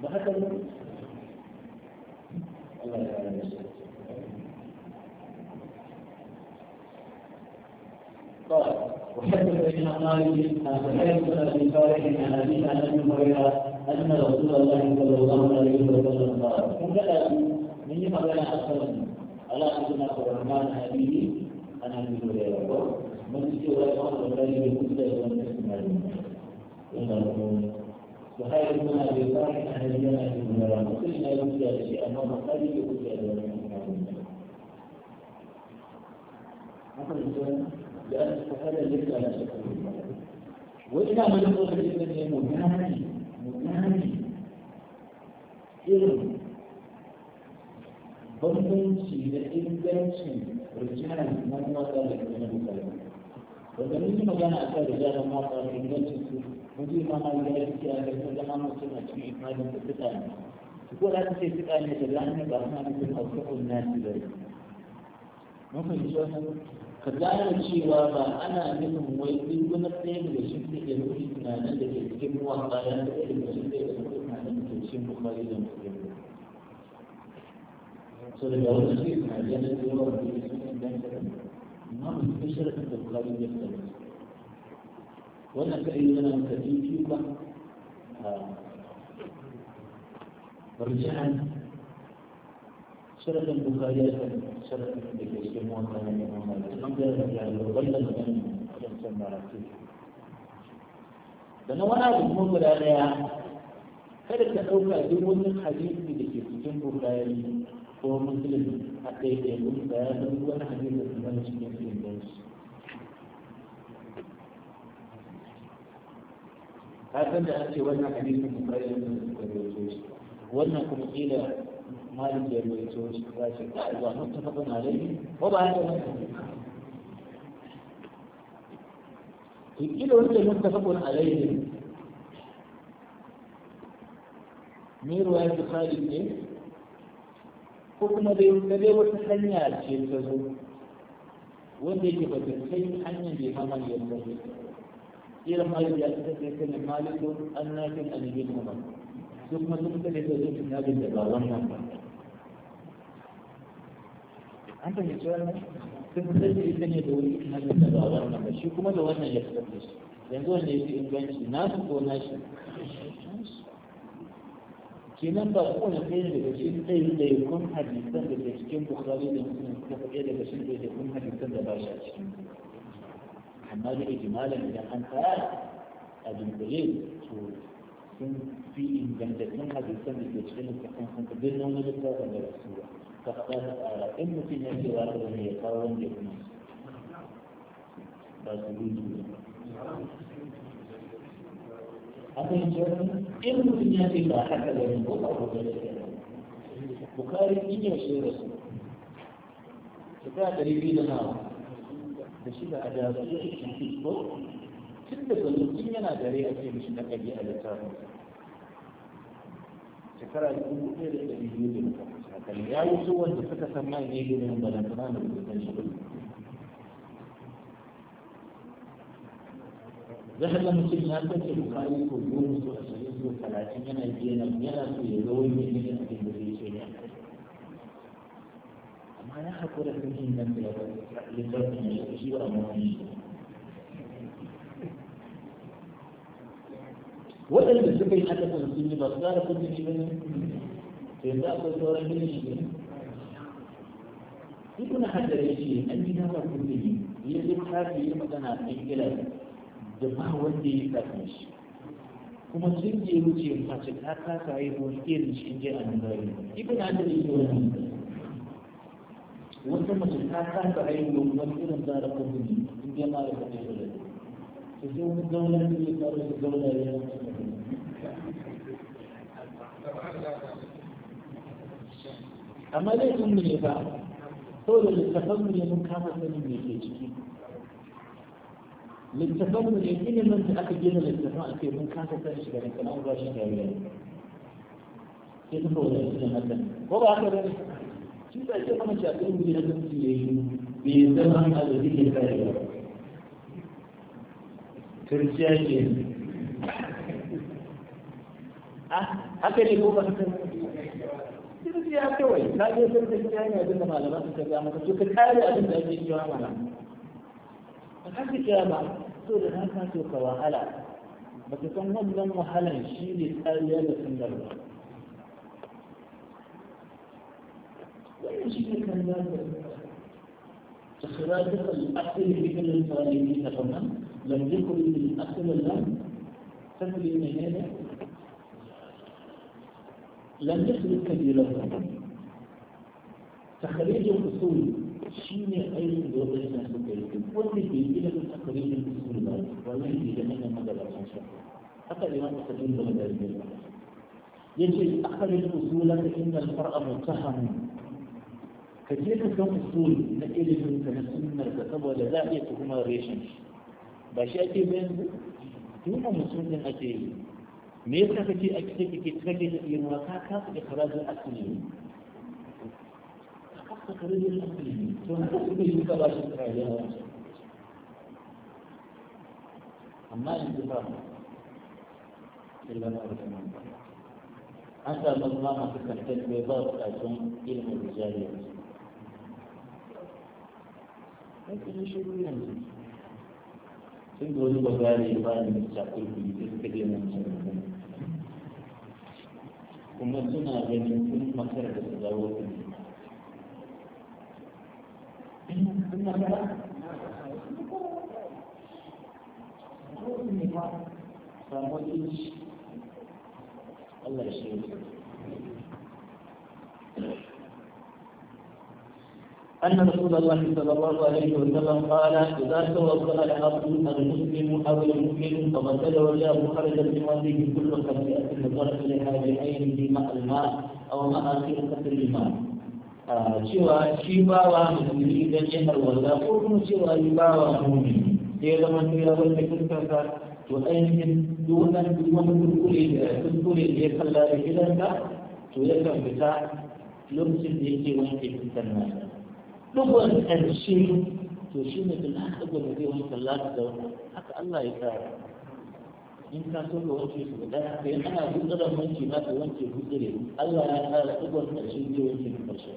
ba haka ne allah ya kama da shi قال وحدث ابن مالك عن سعيد عن ابي هريره ان رسول الله صلى الله عليه وسلم قال كنت من يفعل اكثر على سيدنا الرحمن ابيه عن ابي من استوى يقول ذلك كنت يوم تسمعون من ابي هريره وكلنا يوجد لانه قد يوجد من لأنك هذا ليس على شكل وإذا ما نقول الإذن مداني مداني إذن bambanci da ingancin rijiyar nan mata da kuma mutane wanda mun yi magana a kan rijiyar mata da ingancin su mun yi ma ma da yake a kan da ma mutum a cikin imanin da fita ne ko da ta ce da da da ka gane cewa ba ana nufin wai duk wani ɗaya daga shi ne da rufi tunanin da ke cikin ruwa ba ya da ɗaya daga shi ne da rufi tunanin da ke cikin bukari da muslim so daga wani shi na yana da yawa da ke cikin ɗan kaɗan amma ba su fi shirkin da bukari da ta rufi wannan kaɗai yana da tafi ba a barjihar سنة البخاري سنة البخاري موطن من محمد يعني وغلل من كم سمى رسول da na wani abu kuma guda daya kada ka ɗauka duk wani hadisi da ke cikin bukari ko musulun a ɗaiɗaya mun da ya san wani hadisi da kuma cikin inganci ka san da ake wannan hadisi bukari da suka rubuto shi wannan kuma kila malin da ya to shi ba shi ba muttafaqun alayhi wa ba hada in ila wanda muttafaqun alayhi ne ruwayar bukhari ne ko kuma dai da dai wata hanya ce ta zo wanda yake ba ta kai hanyar da ya kama ya zo irin ta kan da ya ba ba an fahimci wannan sun fitar da ita ne da da wannan ba shi kuma da wannan ya fitar da shi yanzu ya fi inganci ko kenan ba kowane ɗaya da kun hadisan da ke cikin bukari da ko ɗaya da da kun hadisan da ba shi a cikin amma da idan an tsaya a dunkule to sun fi ingantattun hadisan da ke cikin sun fi birnin wani da rasuwa ka faɗa in mutum ya za ka zama ya kawo wanda ya kuma ba su rudu ba a kan jirgin in mutum ya ba haka da yin ba ko da shi bukari in yau shi da su shekara ɗari biyu da nawa da shi da adabu ya ce ko tun da zalutun yana dare a ce mishi na ƙari a littafin shekara dubu biyu da hankali ya wuce wanda suka san mai ne gidan balantana da kusan shi zai da mutum ya sace bukari ko goma su ashirin su talatin yana biya yana so ya zo wani mai ne abin da zai ce ne amma ya haƙura kan yin nan da ya littafin ya shi wa mawani waɗanda suka yi haka sun yi ba su gara kundin shi ba ne za ku sauran gini shi ibn hajar yace an yi nawa kulli ya ce kafi ya magana a ingila da ba wanda ya kafa shi kuma sun je wuce mace ta kasa yi ko irin shi je a nan gari ibn hajar yace wani wata mace ta kasa yi ko wani irin zara kulli in dai ma da kace da su sai wani zauna ne ya kawo su zauna ya yi amma zai mu ne ba da littafan mu ne mun kama sanin me ke ciki littafan mu ne ilimin da aka gina littafan a kai mun kasa sanin shi garin kana ba shi dariya sai kuma wani shi ne hakan ko ba haka bane shi sai ce kuma cewa ilimin gina da mutum ya ne bai zama a da zikin kare ba turciya ke ah haka ne ko ba haka kirkiya kawai na je shirka kirkiya ne abinda malaman suka ga maka to ka kare abin da ake cewa mana a kan kirkiya ba to da na ka to ka wahala ba ka san wannan wahalan shi ne kariya da sunnar ba wannan shi ne kariya da sunnar تخراجك الأصل في كل الفرائض تمام لم يكن الأصل لم تكن من هذا لم يسلك كثيرا تخريج الأصول شيني أي دور لنا سكريتي الى بيجي تخريج الأصول ده والله مدى الاصول ما ده حتى الإمام الخطيب بن تيمية يجي أخرج الأصول فإن المرء متهم كثير من الأصول نقل من كنسنة تبغى لا يتهمها ريشن بشأتي بين دون مسلم أتيه me yasa kake a cikin kake tsage da irwa ka kafa da karajin asali ka kafa karajin asali to haka suka yi ka ba shi karajin amma yanzu ba illa na wata nan ba an samu kuma masu kantar bai ba bukatun ilimin ne. Ɗan kuma shiru yanzu. sun da wani bagare ba ne shakar kuɗi da suka je nan can kuma suna ganin sun makar da su dawo su ne sun makara samu inci Allah ya shi أن رسول الله صلى الله عليه وسلم قال إذا توضأ العبد أو المسلم أو المؤمن فغسل وجهه خرج وجهه كل خطيئة نظرت لها بعين في ماء الماء أو ماء في قتل الماء. سوى آه، شيبا ومسلم إذا جهر ولا قرن سوى يبا ومؤمن. إذا من في الأول تكون كذا وأين دون دون كل كل يخلى رجلا كذا تلك بتاع لمس الدين في وحدة dubban ƙarshe to shi ne bin haka da zai wani kallata da wani haka Allah ya kara in ka so ga wanke su da haka ana wanke na ka wanke gudure Allah ya kara dubban ƙarshe zai wanke na ƙarshe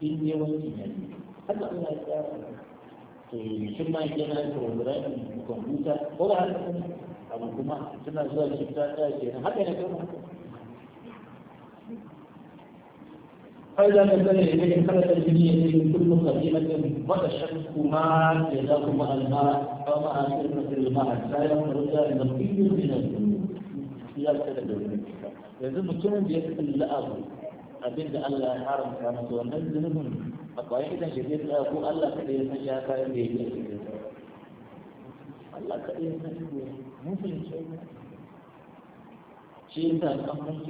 in ya wanke ne haka Allah ya kara to mutum ma yake na kwamfuta ko ba haka kuma suna zuwa cikin ta ta ke haka ya kuma. haka فإذا نزل إليه خلت الجنية kuma كل قديمة وتشك ما جزاكما الماء أو مع كلمة الماء لا يخرج إلى الطيب من الجنة yanzu mutumin da ya kalli abu abin da Allah ya haramta masa wannan zunubin a kwayan idan shi zai tsaya ko Allah kaɗai ya san ya kayan da ya yi shi Allah kaɗai ya san shi mun fahimci shi yasa an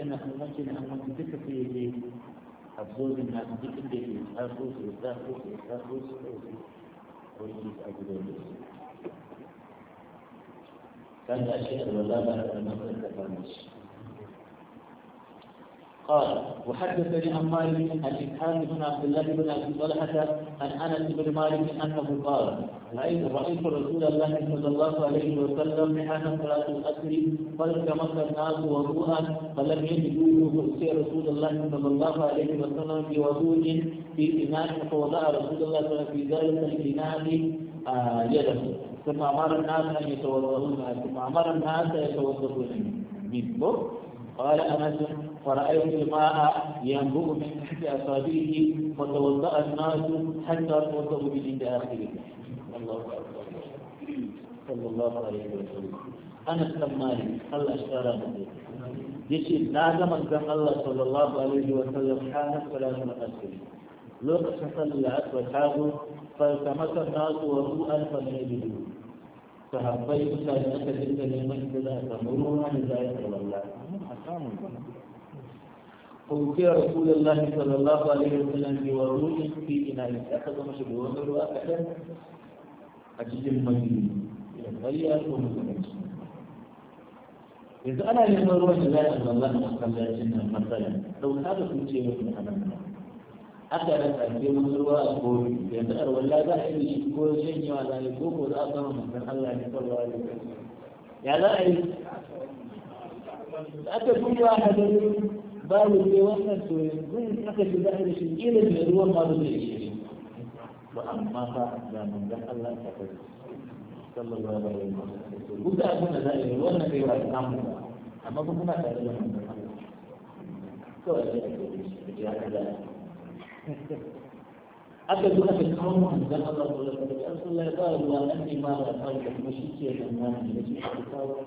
na an na an duka absorbing na ke tsarko su tsarko su tsarko su ɗauki قال وحدثني عن مالك عن اسحاق بن عبد الله بن ابي طلحه عن انس بن مالك انه قال رايت رايت رسول الله صلى الله عليه وسلم حان صلاه الاسر مكة الناس وضوءا فلم يجدوا فاتي رسول الله صلى الله عليه وسلم بوضوء في اناء فوضع رسول الله صلى الله عليه وسلم في ذلك الاناء آه، يده ثم امر الناس ان يتوضؤون ثم امر الناس يتوضؤون منه قال انس فرأيت الماء ينبوء من تحت أصابعه فتوضأ الناس حتى توضأ به عند آخره الله أكبر صلى الله عليه وسلم أنا سماني هل أشار هذا نعلم أن الله صلى الله عليه وسلم حانت فلا نؤثر لو حصل العصر حاله فالتمس الناس وضوءا فلم يجدوا فحبيت سالمة جدا لمن كذا تمرون عن ذلك الله فوقي رسول الله صلى الله عليه وسلم بورود في إناء أخذ مشروع ورواء أخذ أجل المدينة يعني يتغير ومتغير إذا أنا لما أروح لا أن الله مصلى جنة مثلا لو هذا كل شيء من من أكلت أجل مشروع أقول إذا أروى لا بأس يقول شيء ولا يقول ولا أصلا من الله صلى الله عليه وسلم يعني لا أكل كل واحد babu ne wannan to yanzu aka shiga da shi ilimi da ruwan ma ba zai yi ba amma fa da manzon Allah ta kai sallallahu alaihi wasallam duk da abin da za a yi wannan kai ba ta mu ba amma kuma muna tare da manzon Allah kawai da shi ya kada aka zo aka kawo mu manzon Allah sallallahu alaihi wasallam Allah ya ba ruwa annabi ma ba ta kai kuma shi ke nan nan ne shi ka kawo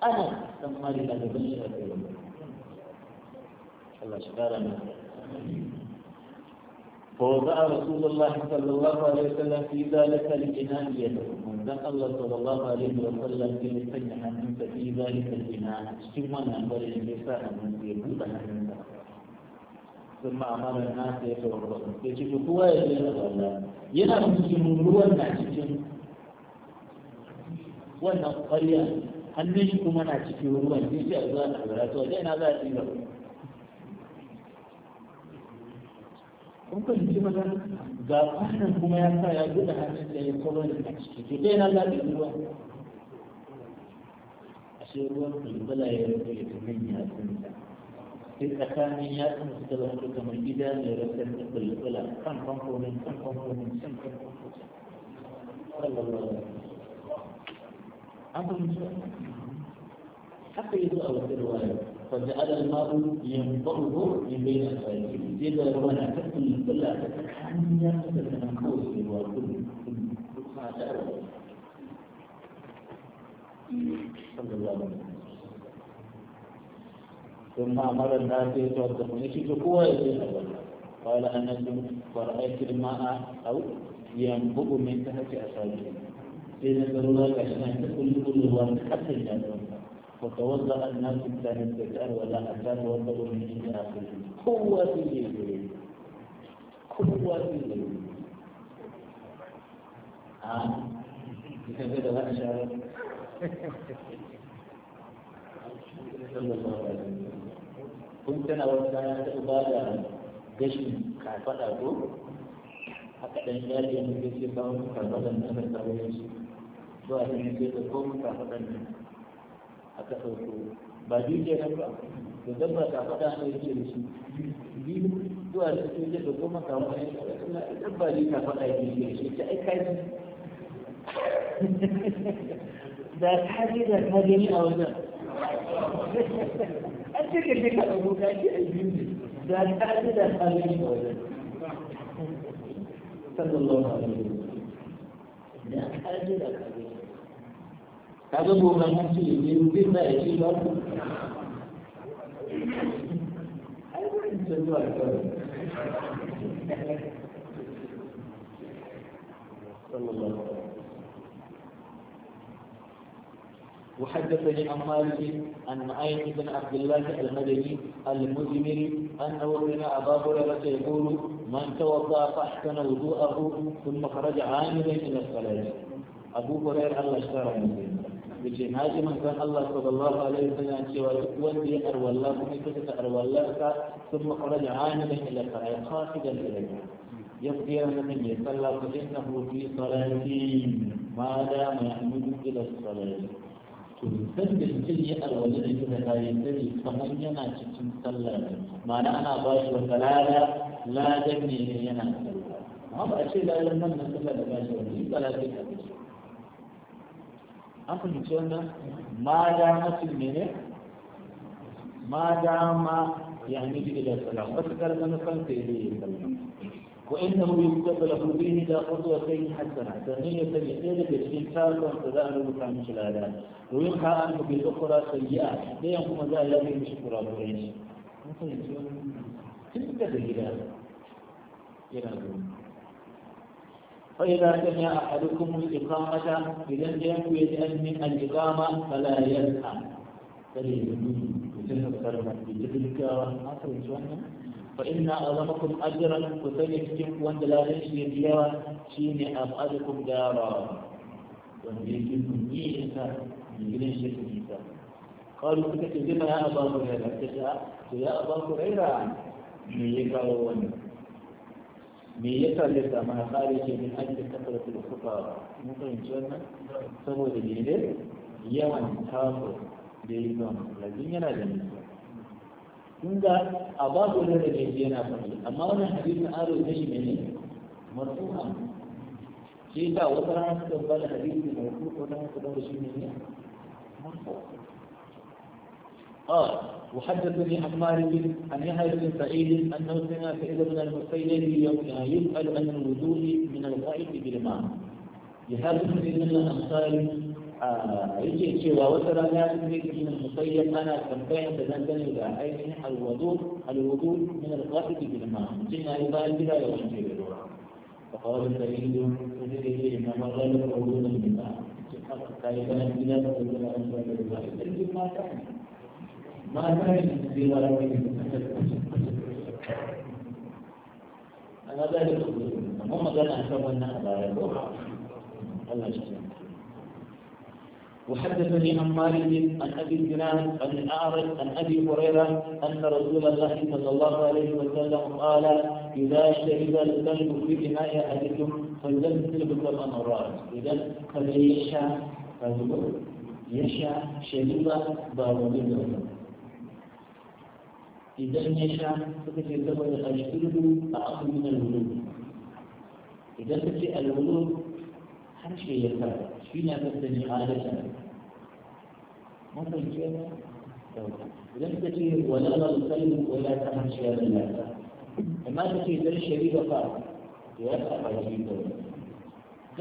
ana tsammani da gaban shi da kai الله فوضع رسول الله صلى الله عليه وسلم في ذلك الإناء يده من الله صلى الله عليه وسلم في سنها أنت في ذلك الإناء ثم نعبر النساء من يبوضها ثم أمر الناس يتوضعون يجب هو يتوضعون ينام مسلمون هو الناس wannan ƙwarya hannun shi kuma na cikin ruwan sai sai a zuwa na albaratu kun fahimci maza ga kwanan kuma ya sa ya buɗe hannun da ya kwallo da ciki to dai na lafi ruwa a shi ruwan kulbala ya rufe da nan ya sai tsakanin ya tsinta suka zama kamar gida mai rasar da kulbala kan fanfonin kan fanfonin kan fanfonin an fahimci haka yi zuwa wata ruwa فجعل الماء ينضره من بين الخير إذا وانا تكن كل تكحنيا تتنكوس وكل كل صلى الله عليه وسلم ثم أمر الناس يتوضحون يشوفوا قوة قال أنا ورأيت الماء أو ينبض من تحت أصابعكم إذا ضرورة أن تكون كل واحد حتى الجنة فتوضا الناس الثاني الدجال ولا حتى توضاوا من اخرهم قوة الليل قوة الليل ها كيف بدا شعر kun tana wata ya ta ba da gashin kafaɗa ko haka ɗan yaji yana gashi ba wani kafaɗa na mai tsawon yanzu zuwa ne sai da komun kafaɗa ne aka sauko ba biyu ke nan ba to dabba ta fada ne ke da shi biyu zuwa da su ke da goma kawo mai dabba ne ta fada ne ke da shi ta aika ne da ka je da ka gani a wajen an ce ka je ka ɗauko ka ce a biyu da ka je da ka gani a wajen sallallahu alaihi wa sallam da ka je da ka kaga gobe na ce ne zai sa صلى الله عليه وسلم وحدثني عن مالك عن معين بن عبد الله المدني المزمري انه سمع ابا هريره يقول من توضا فاحسن وضوءه ثم خرج عاملا الى الصلاه ابو هريره الله اشترى منه بالجهاد من كان الله صلى الله عليه وسلم سوى ودي أروى الله ومكتة أروى الله ثم خرج عامدا إلى الفرائض خافدا إليه يبقي أن النبي صلى الله عليه وسلم فإنه في صلاة ما دام يحمد إلى الصلاة تنزل تلي أروى الذي كتب لا ينزلي فمن ينعش في الصلاة ما نعنى باش وصلاة لا تبني لينا الصلاة ما بأشي لا يلمن من صلاة باش وصلاة لا تبني an fahimci wannan ma da mutum ne ma da ma ya ne da salam ba su na kan sai yi ko in mu yi kuka da lafi biyu ne da kwato a kai hasana da ne ya sani ɗaya daga cikin tarukan da za a rubuta kan shi lada domin ka an fi biyu kura sanya kuma za a yi abin shi kura kura ne an da فإذا سمع أحدكم الإقامة إذا لم يجد من الإقامة فلا يلحم فإن أعظمكم أجرا وسيجتم وأن لا تشري بها شين أبعدكم دارا وأن إيسا من جنين شركم إيسا قالوا كنت تجمع يا أبا هريرة يا أبا هريرة من يقال me yasa zai samu hasari ce min ajiyar kafar da suka mun fahimci wannan saboda ne yawan kafir da ya zama yana da nisa kun ga a babu da da ke yana faɗi amma wannan hadisin aro ne shi ne marfu'a shi ta wata rana suka wata rana suka shi ne وحدث بني حمار عن يحيى بن سعيد انه سمع سعيد بن المسيلم يومها يسال عن الوضوء من الغائب بالماء. لهذا بن سعيد من الانصار آه، يجي يجي ووتر من المسيلم انا كم كان الى عيني الوضوء الوضوء من الغائب بالماء. جينا ايضا بلا يوم في فقال سعيد وجد ان ما غلب الوضوء من الماء. الله تعالى كانت بلا يوم في الوضوء. ما تحمل. ما كان في أنا ذلك هم قال أن أنها لا يدور الله وحدثني عن مالك عن ابي الجنان عن الاعرج عن ابي هريره ان رسول الله صلى الله عليه وسلم قال اذا شرب الكلب في بناء احدكم فليمثل بكم مرات اذا قد يشاء يشاء شرب إذا لم يشعر فكيف ينتبه إلى خارج كله أقل من الولود إذا كنت الولود خارج إلى الفرق شفينا بسني خارج ما تنجي هذا؟ إذا كنت تجي ولا تنجي ولا تنجي هذا الناس ما تجي إذا الشريف فارق يا أخي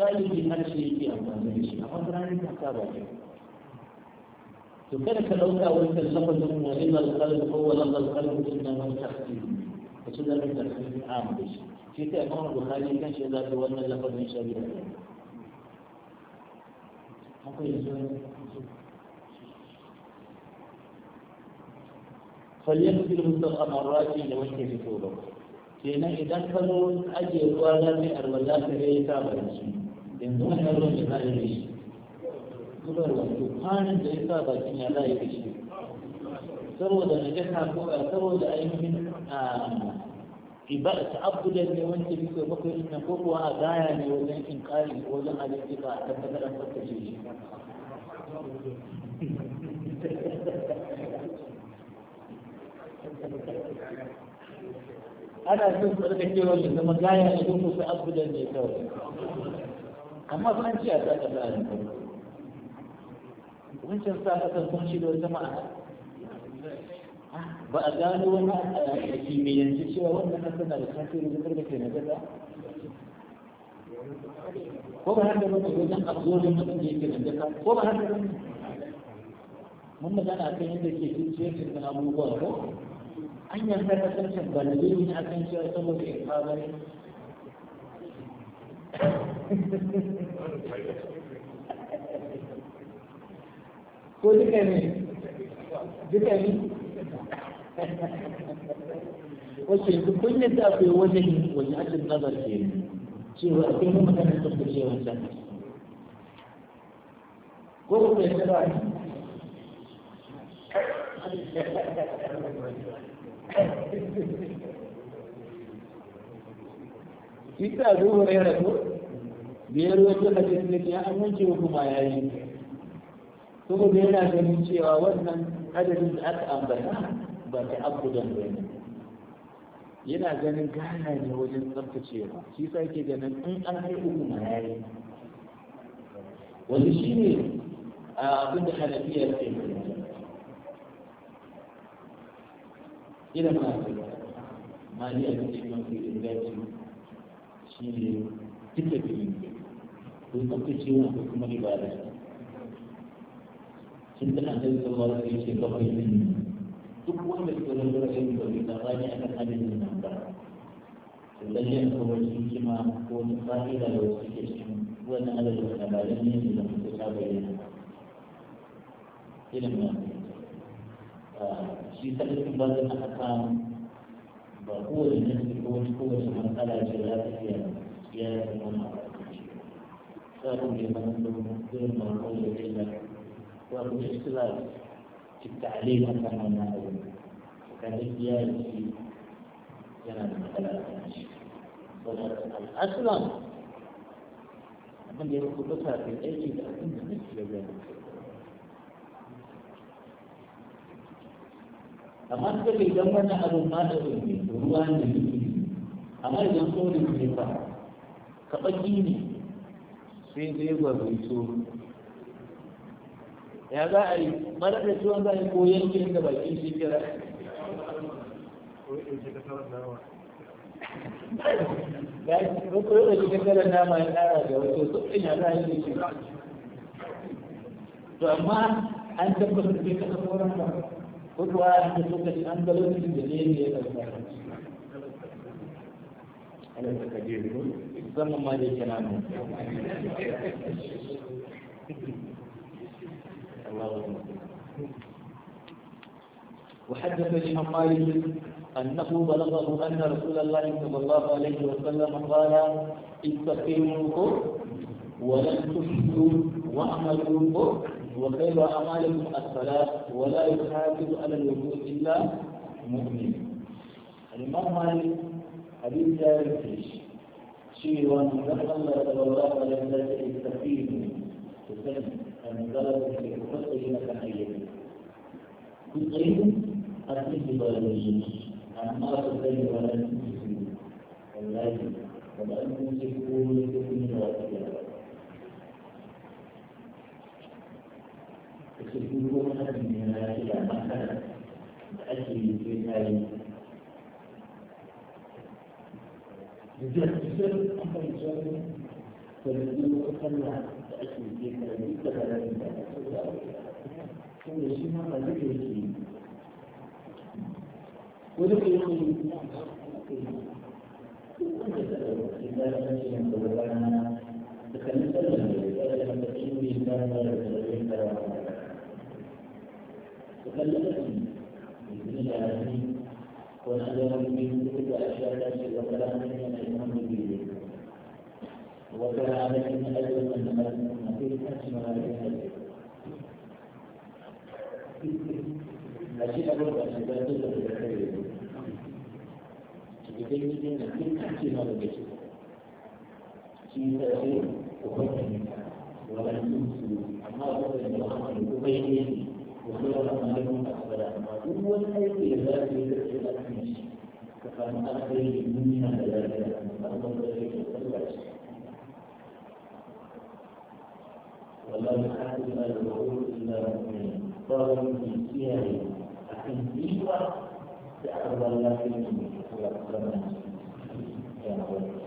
قال لي في خارج إلى الفرق قال لي في خارج إلى الفرق وكذلك لو تأولت اللفظ وإلا القلب هو لفظ القلب إنما التحكيم وسنة من تحكيم عام بش في تأمر البخاري كان شيء ذات وأن اللفظ من شبيه فليغسل مطلق مرات لوجه بطوله kenan idan ka zo ajiye ruwa za ka yi arwala ka yi ta barci yanzu wani ruwan da zubarwa to kwanan da ya sa bakin ya za a yi da shi saboda na jaka ko saboda ainihin ibada ta'abbudan ne wanda muke muku inna ko kuwa a gaya ne wajen inkari ko wajen halitta ba a tabbatar an tsaftace shi ana son su ɗaga cewa ne zama gaya ne don ku ta'abbudan ne kawai amma fa an ce a sa ƙasa a yanzu wancan sa aka sun shi da wata ma'ana ba a gano wani a yanzu cewa wannan hasan na da tasiri zukar da ke na gaza ko ba haka wani wajen absorbin mutum da yake da gaza ko ba haka wani mun magana kan yadda ke zuciyar cikin abubuwa ko an yarda da sarkin balabi ne a kan cewa saboda ya ne. ko duka ne duka ne wacce yanzu kun yadda akwai wajen wajen ajin nazar ke cewa akwai mu maganar tsaftace wancan ko kuma yadda ba Ita zuwa ya rasu, biyar wata hadis ne ya amince kuma ya yi. saboda yana ganin cewa wannan adadin da aka ambata ba ta abudan ba ne yana ganin gana ne wajen tsabtacewa shi sa yake ganin in an haihu kuma ya yi Wani shi ne abin da hanafiya ke ina ma ma ni a cikin mafi inganci shi ne duka biyu ko tsabtacewa ko kuma ibada kin da annabi sallallahu alaihi wasallam ya ce bakwai duk wanda ke da lura yin da ta bani akan hadisin nan ba to lalle an ke cikin wannan adadin da ba lalle ne da ta bayyana ilimin shi sarkin ba zai aka kama ba kowane nasi ko wani kowace matsala ce za ta iya ya yi wani abu da shi. Sarkin da ya zama وأقول اختلاف في التعليل أكثر من هذا وكان اختياري في جنان ثلاثة الأسلم abin da ya kubuta kai aiki da abin da nake da gani amma suka kai don abin ma da ruwa ne amma idan tsorin ne ba kaɓaki ne sai zai gwagwaito ya za a yi mara da ciwon za a yi da bakin shi kira ko da cikin nama ya kara da wato ya za a yi shi to amma an tabbatar da kasa sauran ba ko kuwa an da ne ne ya ala ta zaman ma da وحدث وحدثني مالك أنه بلغه أن رسول الله صلى الله عليه وسلم قال استقيموا ولن تشركوا واعملوا وخير أعمالكم الصلاة ولا يحافظ على الوجود إلا مؤمن الإمام مالك حديث لا ينتهي شيء وأن الله صلى الله عليه وسلم استقيموا المبالغة في الحفظ مثلا أيدي جزئين أتيت بغيرين أما أتيت ولا تنسكون والله ولا تنسكون لتكون واحدا تسكون من إلى مكان تأتي في ذلك بجهد السر أما الجهد فالذي يتخلى ake في karbi da karbi da sun da shi ma ba zai ke yi wani ke yi تكلمتني بإذن العالمين ونحن من كل أشياء التي وكلامنا من الإمام الدين وكان عليهم أجر من فيه أسمى عليهم أشياء أخرى أشياء أخرى بكلمة لكن أحسن وجهك في تأثير وحكم ولا تنسوا ما بدل الرحمن وبينه وخير لكم أقبل هو الأيدي التي تدخل أحمد فقد أخرج منها ذلك أمر ذلك الوجه ولا يحدث المرء إلا مؤمنا فهم في سيره لكن فيها تأخذ الله في المسلمين